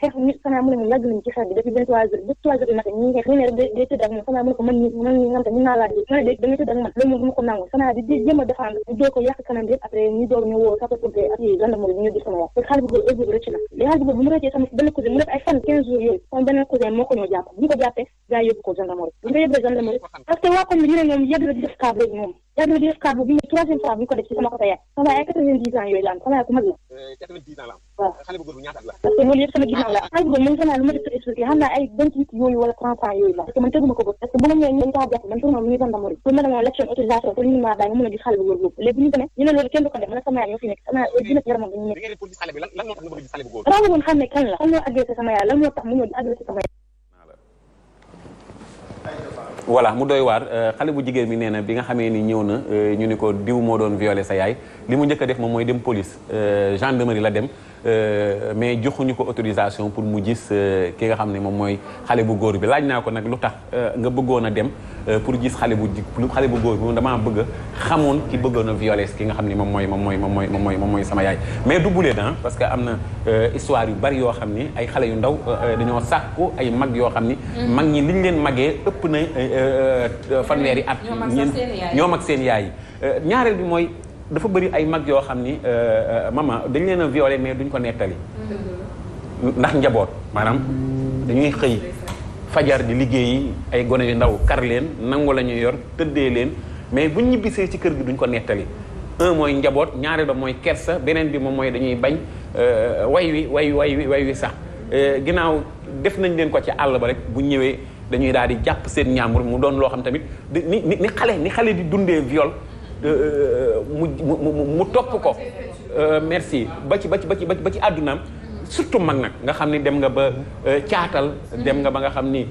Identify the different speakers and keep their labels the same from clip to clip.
Speaker 1: xeex nit xanaa mu ne yàgg nañ ci xeex bi depuis 23 heures ba 3 heures du ne rek day moom xanaa mu ne ko man ñu man ñu ngam te naa laa dégg mu ne man loolu moom mu ko nangu xanaa di di jéem a défendre ñu doo ko yàq kanam après ñu door ñu woo sapeur pompier ak yi gendarmerie bi ñu di sama wax parce que xaalis bu góor heure bi rëcc na mais xaalis bu góor mu rëccee sama ay fan 15 yooyu sama benn cousin moo ko ñoo jàpp bu ñu RDS carte boobu mooy troisième fois bu ñu ko def ci sama côté yaay sama yaay quatre-vingt-dix ans yooyu la am sama yaay ku mag la.
Speaker 2: quatre-vingt-dix ans la am. waaw xale bu góor bu ñaata la.
Speaker 1: parce que loolu yëpp sama ginnaaw la xale bu góor man xam naa lu ma def expliqué xam naa ay vingt-huit yooyu wala trente ans yooyu la parce que man tëgguma ko ba parce que bu ma ñëwee ñu kaa jàpp man tourma mu ngi doon damori pour ma demoon lection autorisation pour ñu ma bàyyi ma mën a gis xale bu góor boobu léegi bu ñu demee ñu ne loolu kenn du ko def man sama yaay ñoo fi nekk sama yaay dina yaramam dañu nekk xale bu góor xam ne kan la lan moo agressé sama yaay lan moo tax mu ñëw di agressé sama yaay
Speaker 2: voilà mu dooy waar euh, xale bu jigéen bi nee na bi nga xamee ni ñëw na euh, ñu ni ko diw moo doon violé sa yaay li mu njëkk a def moom mooy dem police euh, gendarmerie la dem mais joxuñu ko autorisation pour mu gis ki nga xam ne moom mooy xale bu góor bi laaj naa ko nag lu tax nga bëggoon a dem pour gis xale bu xale bu góor bi moom damaa bëgg xamoon ki bëggoon a violé ki nga xam ne moom mooy moom mooy moom mooy moom mooy moom mooy sama yaay mais du bulee dan parce que am na histoire yu bari yoo xam ni ay xale yu ndaw dañoo sàkku ay mag yoo xam ni mm-hmm. mag ñi liñ leen magee ëpp na Euh, euh, fanweeri at. ñoom ak seen yaay euh, ñaareel bi mooy dafa bëri ay mag yoo xam ni mama dañ leen a violé mais duñ ko nettali. Mm-hmm. ndax njaboot maanaam dañuy xëy fajar di liggéeyi ay gone yu ndaw kar leen nangu la ñuy yor tëddee leen mais buñ ñibbisee ci kër gi duñ ko nettali. un mooy njaboot ñaareel ba mooy kersa beneen bi moom mooy dañuy bañ way wi way way wi way wi sax ginnaaw def nañ leen ko ci àll ba rek bu ñëwee. dañuy daal di jàpp seen ñaamur mu doon loo xam tamit ni ni xale ni xale di dundee viol euh, mu mu mu topp ko. Euh, merci ba ci ba ci ba ci ba àddunaam surtout mag nag nga xam ni dem nga ba euh, caatal. dem nga ba nga xam ni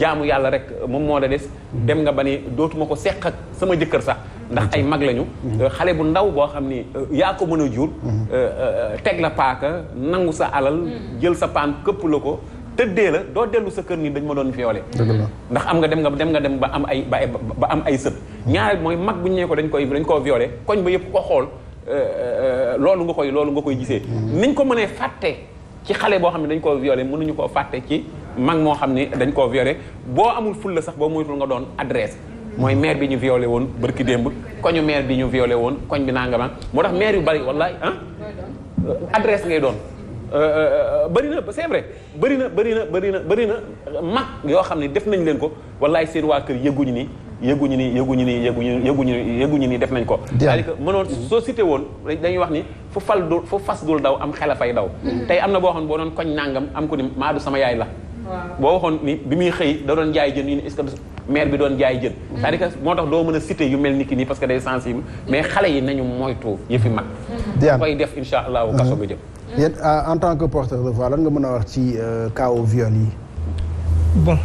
Speaker 2: jaamu yàlla rek moom moo la des. dem nga ba ni dootuma ko seq ak sama jëkkër sax. ndax ay mag lañu. xale bu ndaw boo xam ni yaa ko mën a jur. Mm-hmm. teg la paaka nangu sa alal mm-hmm. jël sa paan këpp la ko. tëddee la doo dellu sa kër ni dañ ma doon violé ndax am nga dem nga dem nga dem ba am ay ba am ay sët ñaareel mooy mag bu ñu nee ko dañ koy dañ koo violé koñ ba yëpp ko xool euh, euh, loolu nga koy loolu nga koy gisee mm-hmm. niñ ko mënee fàtte ci xale boo xam ne dañ koo violé mënuñu koo fàtte ci mag moo xam ne dañ koo violé boo amul fulla sax boo moytul nga doon adresse mooy maire bi ñu violé woon barki démb koñu maire bi ñu violé woon koñ bi nangama moo tax maire yu bari wallaay ah adresse ngay doon Euh, euh, euh, bëri na c'est vrai bëri na bëri na bëri na bëri na mag yoo xam ne def nañ leen ko wallaay seen waa kër yëguñu ni yëguñu ni yëguñu ni yëguñu yëguñu yëguñu ni def nañ ko c'est-à-dire que mënoon soo cité woon dañuy wax ni fu fal dul fu fas dul daw am xel a fay daw mm-hmm. tey am na boo xam ne boo doon koñ nangam am ko ni maa sama yaay la boo waxoon ni bi muy xëy da doon jaay jën ñu ne est que maire bi doon jaay jën mm-hmm. c'est-à-dire moo tax doo mën a cité yu mel ni ki nii parce que day sensible mais xale yi nañu moytu yëfi mag mm-hmm. koy def insha allahu kaso ga jëm yéen euh, en tant que porteur de voix lan nga mën a wax ci kaw euh, viol yi bon